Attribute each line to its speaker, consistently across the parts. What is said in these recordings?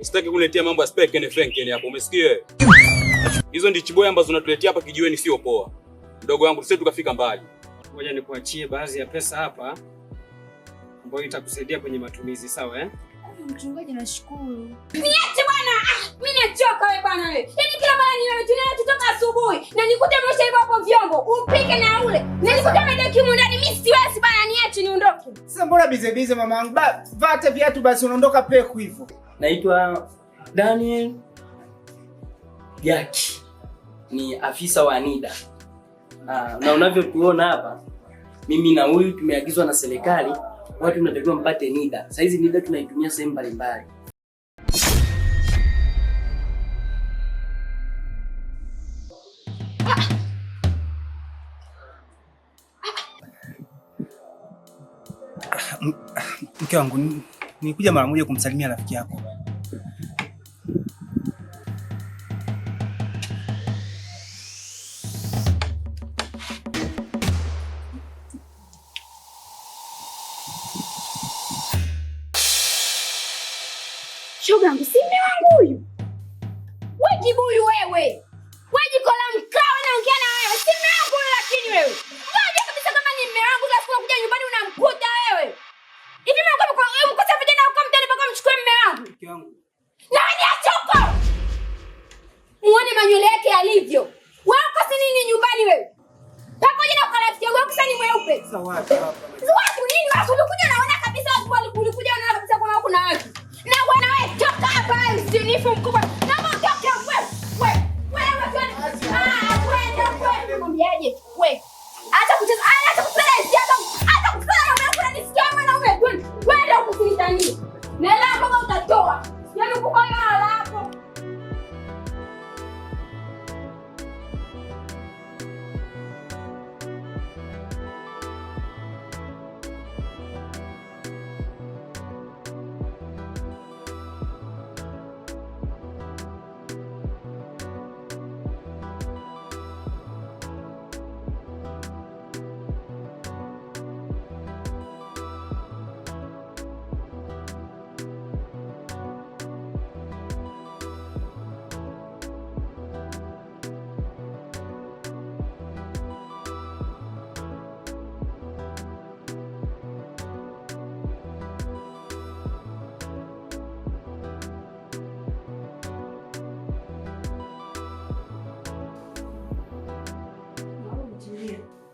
Speaker 1: Usitaki kuniletea mambo ya spekken fenken hapo, umesikia? Hizo ndi chiboya ambazo unatuletea hapa kijiweni, sio poa. Mdogo wangu, Sisi tukafika mbali.
Speaker 2: Ngoja nikuachie baadhi ya pesa hapa ambayo itakusaidia kwenye matumizi, sawa eh?
Speaker 3: Mchungaji, nashukuru.
Speaker 4: Niache bwana. Ah, mimi nachoka wewe bwana wewe. Yaani kila mara ni niwe tunaye tutoka asubuhi na nikute mrusha hivyo hapo vyombo. upike na ule. Na nikute madaki mu ndani mimi siwezi bwana niache niondoke.
Speaker 5: Sasa mbona bize bize mama yangu? Ba, vate viatu basi unaondoka peku hivyo.
Speaker 6: Naitwa Daniel Yaki. Ni afisa wa NIDA. Ah, na unavyotuona hapa mimi na huyu tumeagizwa na serikali, watu tunatakiwa mpate NIDA. Sasa hizi NIDA tunaitumia sehemu mbalimbali.
Speaker 7: mke wangu, nilikuja mara moja kumsalimia rafiki yako.
Speaker 4: Shogangu, si mume wangu huyu? We kibuyu wewe, we jiko la mkaa unaongea na wewe, si mume wangu huyu. Lakini wewe moja kabisa, kama ni mume wangu, alafu nyumbani unamkua
Speaker 8: Thanks a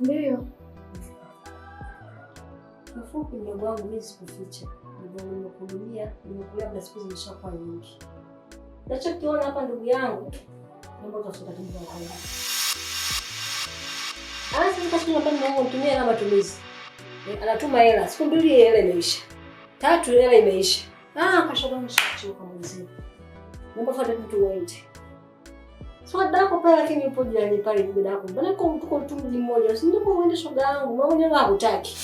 Speaker 9: Ndiyo.
Speaker 10: Ufupi ndugu wangu, mimi sikuficha, nimekuhudumia, nimekulia na siku zimeshakuwa nyingi. Nachokiona hapa ndugu yangu, naomba utasotakimbia kwanza. Sasa sasa siku napenda mwanangu mtumie na matumizi. Eh, anatuma hela, siku mbili hela imeisha. Tatu hela imeisha. Ah, kashabangisha kwa mzee. Naomba fuata mtu wote. So dada yako pale lakini yupo jirani pale ni dada yako. Mbona kwa mmoja? uende shoga yangu. wewe hutaki.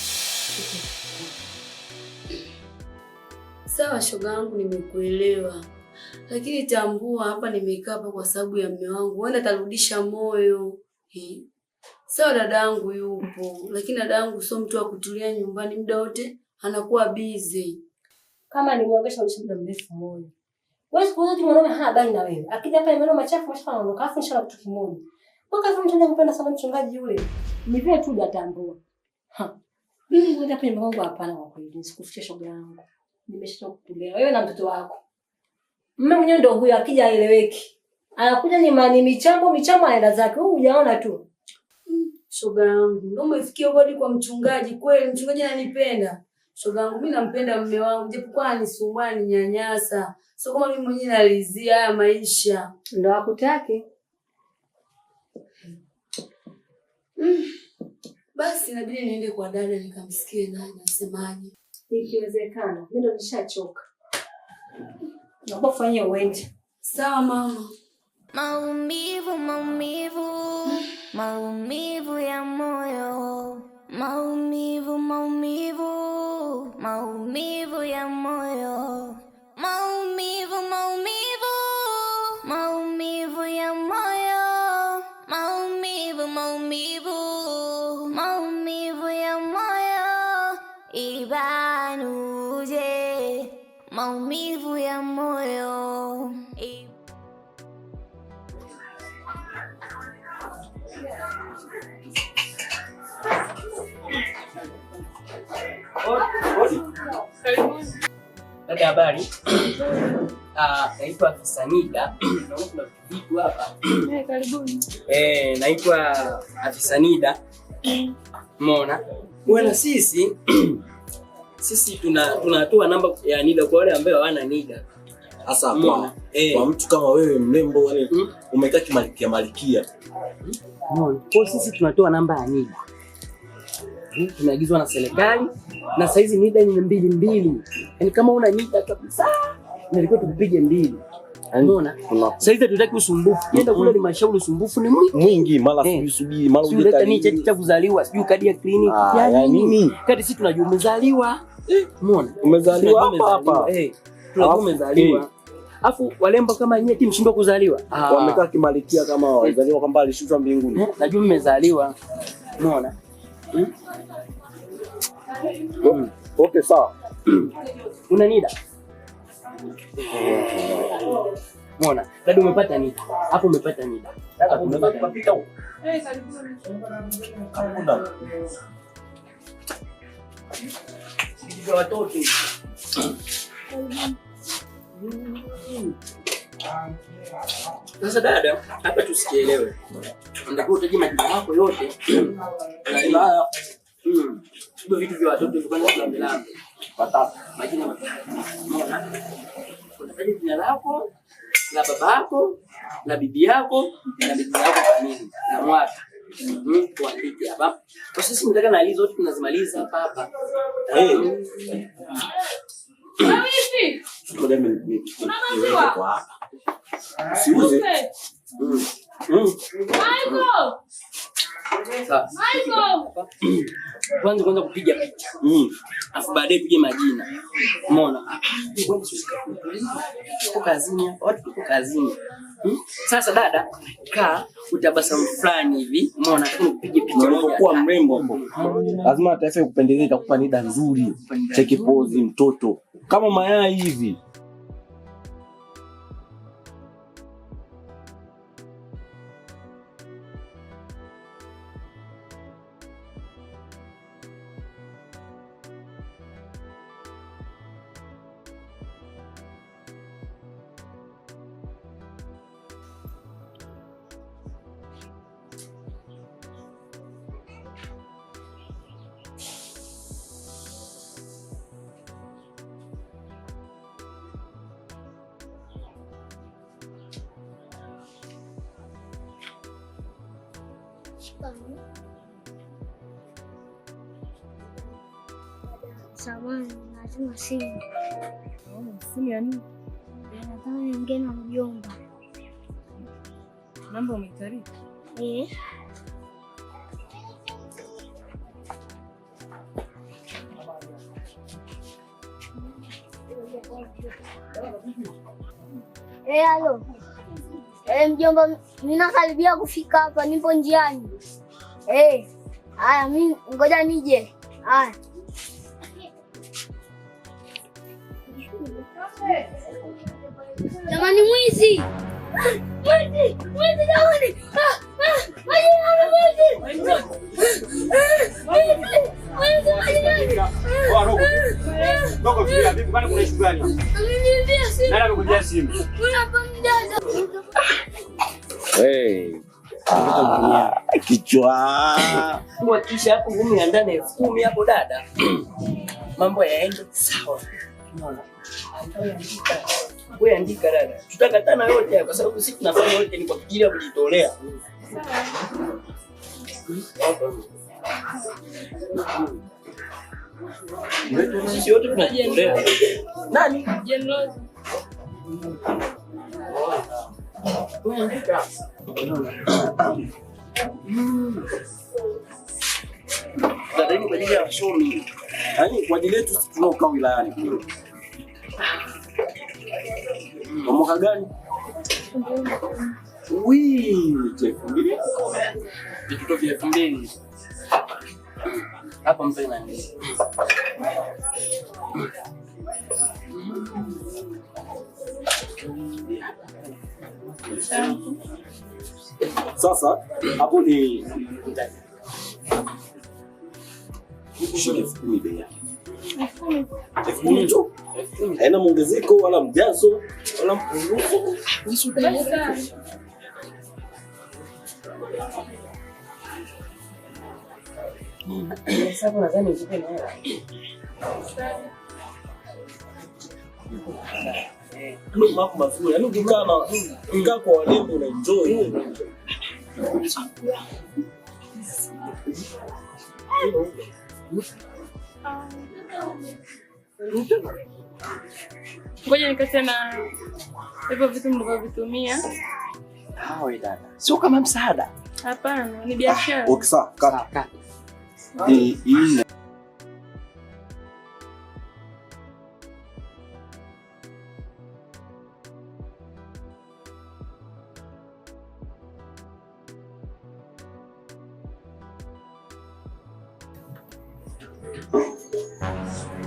Speaker 9: Sawa shoga yangu nimekuelewa. Lakini tambua hapa nimekaa hapa kwa sababu ya mume wangu. wanda atarudisha moyo. Sawa dada yangu yupo. Lakini dada yangu sio mtu wa kutulia nyumbani muda wote. Anakuwa busy.
Speaker 10: Kama nimeongesha ushuhuda mrefu moyo. Wewe siku zote mwanaume hana habari na wewe. Akija hapa maneno machafu kisha anaondoka. Afu inshallah kitu kimoja. Mpaka sasa mtende kupenda sana mchungaji yule. Ni vile tu datambua. Ha. Mimi ngoja hapa mwanangu hapana kwa kweli. Sikuficha shoga yangu. Nimeshatoka kukulea. Wewe na mtoto wako. Mume mwenyewe ndio huyo akija aeleweki. Anakuja ni mani michambo michambo anaenda zake. Wewe hujaona tu.
Speaker 9: Shoga yangu, ndio umefikia hadi kwa mchungaji kweli, mchungaji ananipenda shoga mi mimi nampenda mume wangu japokuwa anisumbua nyanyasa So kama mimi mwenyewe nalizia haya maisha.
Speaker 10: Ndo akutaki
Speaker 9: mm. Basi inabidi niende kwa dada nikamsikie naye anasemaje,
Speaker 10: ikiwezekana. Mimi ndo nishachoka, naomba fanya uende.
Speaker 9: Sawa mama. Maumivu, maumivu, maumivu ya moyo, maumivu, maumivu maumivu ya moyo, maumivu, maumivu, maumivu ya moyo, maumivu, maumivu,
Speaker 6: maumivu ya moyo, ibanuje, maumivu ya moyo Dada habari, ah, naitwa afisa NIDA. Naona kuna vitu hapa.
Speaker 11: Eh, karibuni.
Speaker 6: Eh, naitwa Afisanida. Umeona? Bwana sisi sisi tuna tunatoa namba ya NIDA kwa wale ambao hawana NIDA.
Speaker 12: Sasa kwa, eh, kwa mtu kama wewe mrembo, hmm? umekaa kimalikia malikia.
Speaker 10: Hmm? Kwa sisi tunatoa namba ya NIDA tumeagizwa na serikali na saizi mida ni mbili mbili, yani kama yaani una nyita kabisa nilikuwa tupige mbili. Unaona? Saizi tutaki usumbufu. Nenda kule ni mashauri usumbufu ni
Speaker 12: mwingi, mara eh. subiri,
Speaker 10: mara uje ni Cheti cha kuzaliwa, sijui kadi ya kliniki,
Speaker 12: ah, yani nini?
Speaker 10: Kadi sisi tunajua umezaliwa.
Speaker 12: Eh, Umeona? Umezaliwa hapa hapa. Tunajua umezaliwa. Eh,
Speaker 10: Afu walemba kama nyinyi kimshindwa kuzaliwa.
Speaker 12: Wamekaa kimalikia kama ah. walizaliwa kwamba alishushwa mbinguni.
Speaker 10: Najua mmezaliwa. unaona Mm.
Speaker 12: Mm. Okay, sawa.
Speaker 10: Una nida? Mona, dada umepata nida. Hapo umepata nida. Hapo umepata nida.
Speaker 6: Watoto. Hmm. Sasa dada, hapa tusikielewe, ndio utaje majina yako yote hmm, hivyo vitu vya watoto majina, unataja jina lako la babako yako la bibi yako na bibi yako kamili na mwaka tuandike hmm, hapa kwa sisi, nataka na hizo zote tunazimaliza hapa hapa. Eh,
Speaker 13: Hey. Usiuze. Mm. Mm.
Speaker 6: Kwanza kwanza kupiga picha mm. alafu baadaye majina. Umeona? Tuko kazini, watu tuko kazini. Hmm? Sasa dada, kaa utabasamu fulani hivi, umeona? picha
Speaker 12: mrembo hmm. lazima taifa kupendelea, itakupa nida nzuri, cheki pozi mtoto kama mayai hivi
Speaker 9: sama lazima simu simu ya nini? Nataka niongee na mjomba.
Speaker 10: Namba umeikariki?
Speaker 9: Eh. Eh, alo. Eh, mjomba, ninakaribia kufika hapa, nipo njiani. Hey, haya mimi ngoja nije. Haya. Jamani mwizi. Mwizi, mwizi jamani. Ah, ah, mwizi. Mwizi. pia kuna shughuli gani? simu. simu? Kuna
Speaker 12: Hey kichwa
Speaker 6: kisha hapo ngumi ya ndani elfu kumi hapo dada, mambo yaende sawa. Wewe andika dada, tutakatana yote kwa sababu sisi tunafanya yote ni kwa ajili ya kujitolea. Sisi wote tunajitolea. Nani? General
Speaker 12: kwa ajili yetu tunaokaa wilayani kwa mwaka gani?
Speaker 6: Vitoto vya elfu mbili hapa mzee
Speaker 12: Sasa hapo ni elfu kumi tu, haina mwongezeko wala mjazo wala mpunguzo mambo mazuri, yaani ukikaa na ukikaa kwa walimu una enjoy
Speaker 13: Ngoja nikate na hivyo vitu mlivyovitumia.
Speaker 6: Hawe dada, sio kama msaada.
Speaker 13: Hapana, ni biashara.
Speaker 12: Okay, sawa. Hii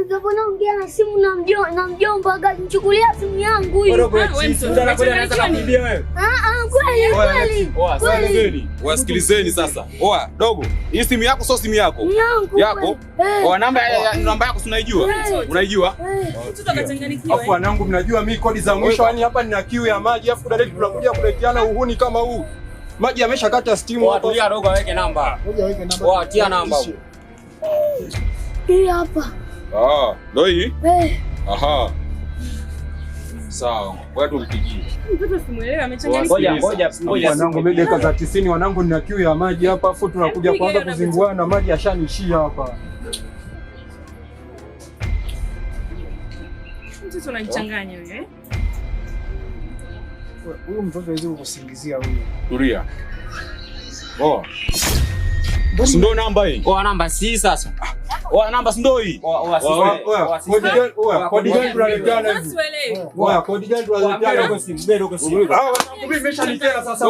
Speaker 9: nikaponaongea na simu na mjomba akanichukulia simu yangu
Speaker 12: hiyo. Wasikilizeni sasa. Oa dogo, hii simu yako sio simu yako yako. Oa namba namba yako unaijua? Unaijua? Afu eh. wanangu, mnajua mimi kodi za mwisho, yani hapa nina kiu ya maji, afu dada tunakuja kuletiana uhuni kama huu. Maji yameshakata stimu hapo. Tulia dogo, namba. Oa tia namba
Speaker 9: Hii hapa.
Speaker 12: Ah, ndio hii? Eh. Aha. Sawa. Wewe tu mpigie. Mtoto Ngoja ngoja ngoja. Wanangu mimi dakika za 90 wanangu nina kiu ya maji hapa afu tunakuja kuanza kuzinguana maji ashanishia hapa.
Speaker 13: Mtoto unanichanganya wewe. Eh?
Speaker 12: Huyu mtoto kukusingizia huyu. Tulia. Oh. Ndio namba hii.
Speaker 6: Oa namba si sasa. Oa namba si ndio hii. Oa si.
Speaker 12: Oa kodi gani tunalipana hivi? Oa kodi gani tunalipana kwa simu? Mbele kwa simu. Ah, wanakuambia imeshanitera sasa.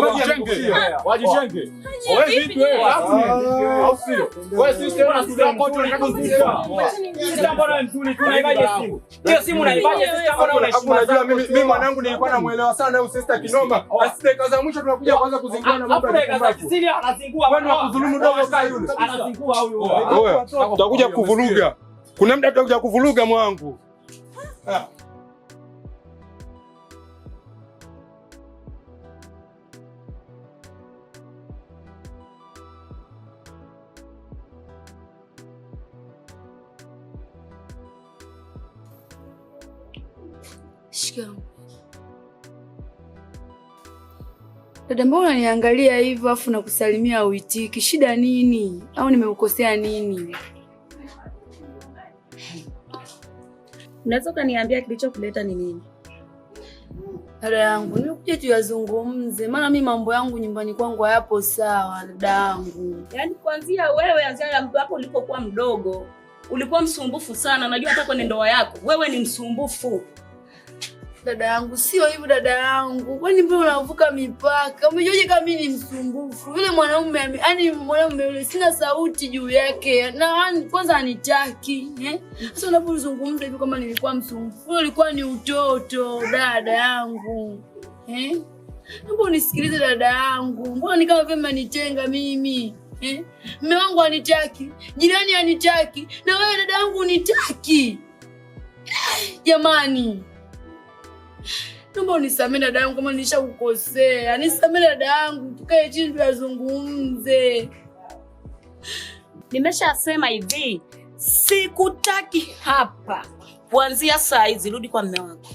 Speaker 12: Wajitenge. Wewe vipi wewe? Au sio? Wewe si sio na studio hapo tunataka kuzifa.
Speaker 9: Sisi ambao na mtuni tunaibaje simu? Hiyo simu unaibaje sisi ambao
Speaker 12: na unaheshima. Unajua mimi mimi mwanangu nilikuwa namuelewa sana huyu sister kinoma. Asitekaza mwisho tunakuja kwanza kuzingua na mambo ya kumbaku. Sisi anazingua. Wewe unakudhulumu dogo. Tutakuja kuvuruga, kuna mda tutakuja kuvuruga mwangu.
Speaker 9: Shikamoo. Dada, mbona unaniangalia hivyo afu nakusalimia uitiki? Shida nini? Au nimekukosea nini?
Speaker 13: Unaweza ukaniambia kilichokuleta ni nini?
Speaker 9: Dada yangu, nimekuja tuyazungumze, maana mi mambo yangu nyumbani kwangu hayapo sawa. Dada yangu,
Speaker 13: yaani kuanzia wewe, anzia na mtu wako ulipokuwa mdogo, ulikuwa msumbufu sana. Najua hata kwenye ndoa yako wewe ni msumbufu
Speaker 9: Dada yangu sio hivyo, dada yangu, kwani mbona unavuka mipaka? Umejuaje kama mimi ni msumbufu? Yule mwanaume yani, mwanaume yule sina sauti juu yake, na yaani, kwanza anitaki eh? Sasa unapozungumza hivyo kama nilikuwa msumbufu, ulikuwa ni utoto, dada yangu eh? Mbona nisikilize dada yangu, mbona ni kama vile manitenga mimi eh? Mume wangu anitaki, jirani anitaki, na wewe dada yangu unitaki jamani eh, Naomba unisamehe dada yangu kama nishakukosea Nisamehe dada yangu, tukae chini tuyazungumze.
Speaker 13: Nimeshasema hivi, sikutaki hapa. Kuanzia saa hizi rudi kwa mume wako.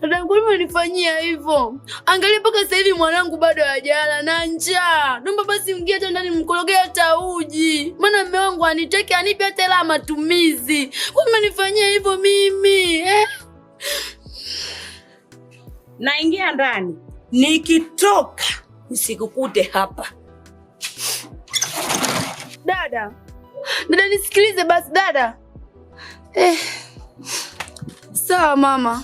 Speaker 9: Dadangu, imenifanyia hivyo. Angalia mpaka sasa hivi mwanangu bado hajala na njaa. Naomba basi mgie hata ndani mkorogea hata uji, maana mume wangu aniteke anipe hata hela matumizi. Kwa imenifanyia hivyo mimi eh?
Speaker 13: naingia ndani, nikitoka nisikukute hapa.
Speaker 9: Dada, dada, nisikilize basi dada. Eh, sawa mama,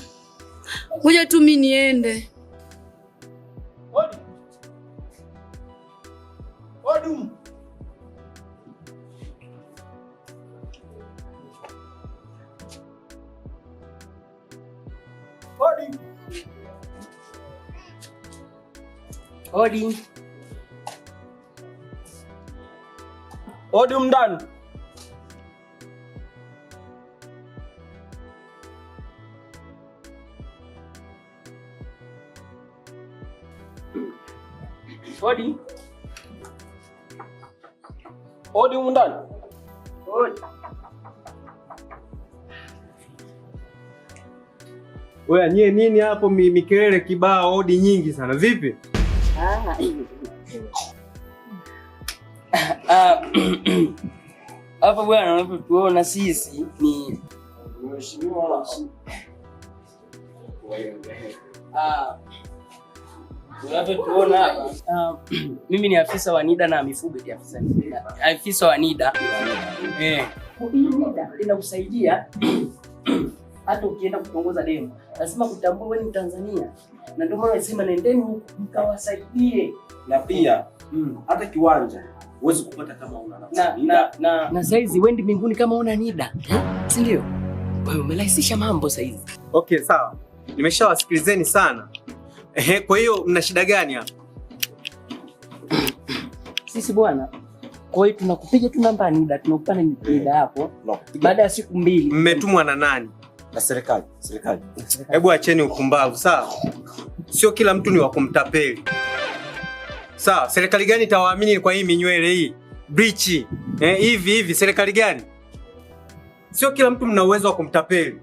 Speaker 9: ngoja tu mimi niende.
Speaker 6: Odi.
Speaker 12: Odi mndani. Odi. Odi mndani. Odi. Oya, nyie nini hapo mikelele kibao odi nyingi sana. Vipi?
Speaker 6: Ah, hapa bwana, unavyotuona sisi ni unavyotuona ah, hapa, ah, mimi ni afisa wa NIDA na mifugo afisa wa NIDA
Speaker 10: eh. NIDA inakusaidia hata ukienda kutongoza demo lazima kutambua wewe ni Mtanzania na ndio maana nasema nendeni huko mkawasaidie,
Speaker 12: na pia mm. hata mm, kiwanja huwezi kupata kama una
Speaker 6: na, na, na, na saizi wendi mbinguni kama una NIDA si ndio? Wewe umerahisisha mambo saizi.
Speaker 12: Okay, sawa, nimeshawasikilizeni sana. Ehe, kwa hiyo mna shida gani hapa?
Speaker 10: Sisi bwana kwa hiyo tunakupiga tu namba NIDA, tunakupa NIDA yako baada ya siku mbili.
Speaker 12: Mmetumwa na nani? na serikali. Serikali, hebu acheni upumbavu, sawa? Sio kila mtu ni wa kumtapeli, sawa? Serikali gani itawaamini kwa hii minywele hii brichi eh, hivi hivi? Serikali gani? Sio kila mtu mna uwezo wa kumtapeli,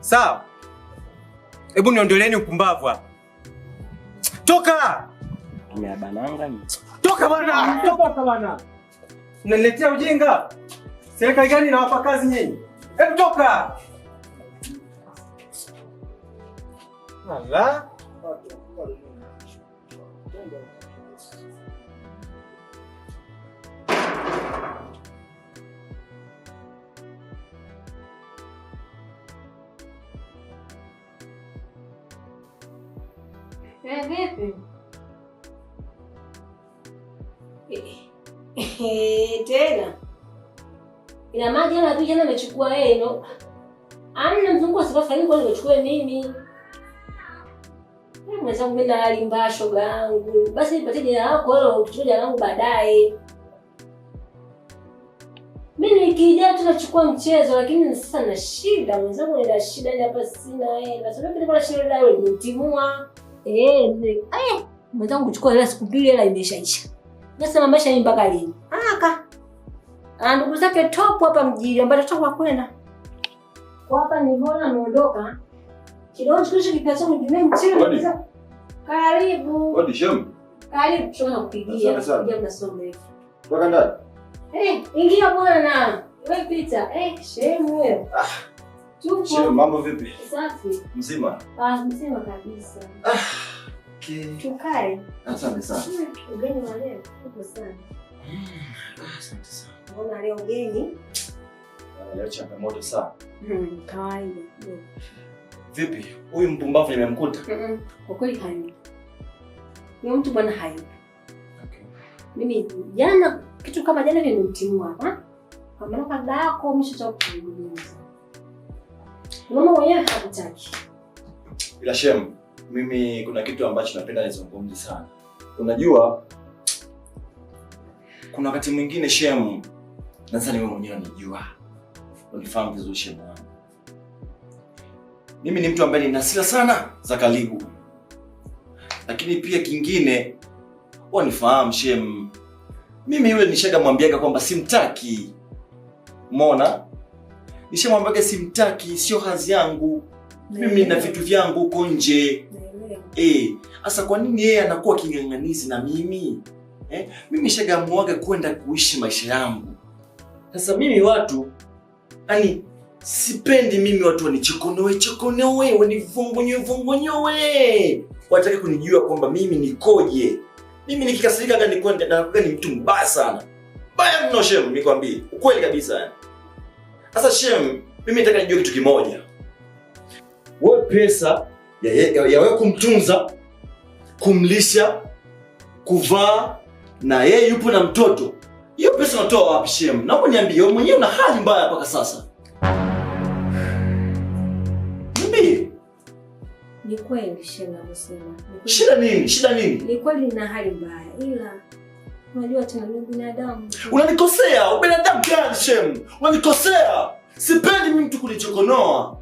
Speaker 12: sawa? Hebu niondoleeni upumbavu hapa. Toka! Bananga. Toka bwana,
Speaker 10: Toka bwana,
Speaker 12: Unaniletea ujinga? Serikali gani inawapa kazi nyinyi? Hebu toka!
Speaker 6: la
Speaker 9: eh, eh, tena? Ina maji jana tu, jana amechukua eno, eh, amna yaani mzungu asifafanyi kwa nimechukua mimi mbona zangu mimi na hali mbaya, shoga yangu, basi nipatie jina lako hilo, uchukue jina langu baadaye. Mimi nikija tu nachukua mchezo, lakini sasa na shida mwenzangu, nenda shida ndio yaani hapa, sina hela. Sasa mimi nilikuwa shida leo nitimua eh, eh mwenzangu kuchukua hela siku mbili, hela imeshaisha. Nasema maisha ni mpaka lini? Aka ah, ndugu zake top hapa mjini, ambapo tutakuwa kwenda kwa hapa, niliona ameondoka kidogo, chukua kipato, mjumbe mchezo. Karibu. Odi shem. Karibu tushona kupigia. Kupigia muda sio Kwa Toka ndani. Eh, ingia bwana. Wewe pita. Eh, shem wewe. Ah. Tupo. Shem, mambo vipi? Safi. Mzima. Ah, mzima kabisa. Ah. Okay. Tukae. Asante sana. Ugeni wa leo. Uko sana. Mm, ah, asante sana. Mbona leo ugeni?
Speaker 12: Leo changamoto sana.
Speaker 9: Mm, kawaida.
Speaker 12: Vipi? Huyu mpumbavu nimemkuta? Mm-mm.
Speaker 9: Kwa kweli hayupo. Ni mtu bwana hayupo. Okay. Mimi jana kitu kama jana ile nilimtimua hapa. Kwa maana kwa yako umeshatoka kuzungumza. Mama mwenyewe hakutaki.
Speaker 12: Bila shemu, mimi kuna kitu ambacho napenda nizungumze sana. Unajua kuna wakati mwingine shemu, nasa ni wewe mwenyewe unajua, Unifahamu vizuri shemu wangu. Mimi ni mtu ambaye nina hasira sana za karibu, lakini pia kingine wanifahamu shem, mimi yule nishagamwambiaga kwamba simtaki. Umeona, nishamwambiaga simtaki, sio hazi yangu mimi na vitu vyangu huko nje. E, hasa kwa nini yeye anakuwa king'ang'anizi na mimi eh? Mimi shagamuaga kwenda kuishi maisha yangu. Sasa mimi watu yani Sipendi mimi watu wanichekonoe chekonoe, wanivungunyoe vungunyoe, wataki kunijua kwamba mimi nikoje. Mimi nikikasirika ni mtu mbaya sana, baya mno Shem, nikwambie ukweli kabisa. Sasa Shem, mimi nataka nijue kitu kimoja, we pesa ya, ya, ya kumtunza, kumlisha, kuvaa na yeye yupo na mtoto, hiyo pesa unatoa wapi Shem? Naomba niambie, wewe mwenyewe una hali mbaya mpaka sasa
Speaker 9: Ni kweli shida unasema.
Speaker 12: Shida nini? Shida nini?
Speaker 9: Ni kweli nina hali mbaya ila unajua tena ni binadamu.
Speaker 12: Unanikosea, ubinadamu gani shemu? Unanikosea. Sipendi mimi mtu kunichokonoa.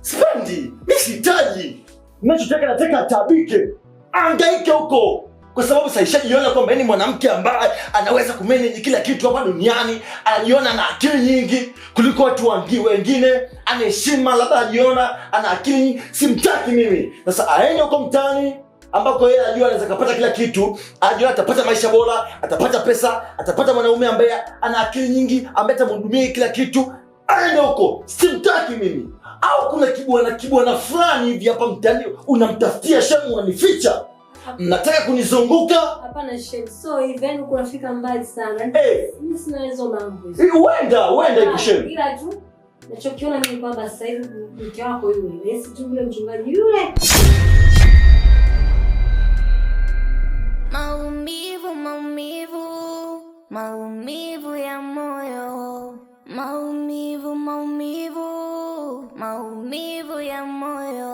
Speaker 12: Sipendi. Mimi sihitaji. Ninachotaka nataka atabike. Angaike huko kwa sababu sasa ishajiona kwamba ni mwanamke ambaye anaweza kumanage kila kitu hapa duniani, anajiona na akili nyingi kuliko watu wengine, anaheshima, labda anajiona ana akili. nyingi. Simtaki mimi. Sasa aende huko mtaani ambako yeye anajua anaweza kupata kila kitu, anajua atapata maisha bora, atapata pesa, atapata mwanaume ambaye ana akili nyingi, ambaye atamhudumia kila kitu. Aende huko, simtaki mimi. Au kuna kibwana kibwana fulani hivi hapa mtaani, unamtafutia shemu, unanificha mnataka kunizunguka?
Speaker 9: Hapana shemeji, so kunafika mbali sana. mimi sina hizo mambo Ila tu nachokiona kwamba sasa hivi mke wako yule, si tu yule mchungaji yule. Maumivu, maumivu, maumivu ya moyo. Maumivu, maumivu, maumivu ya moyo.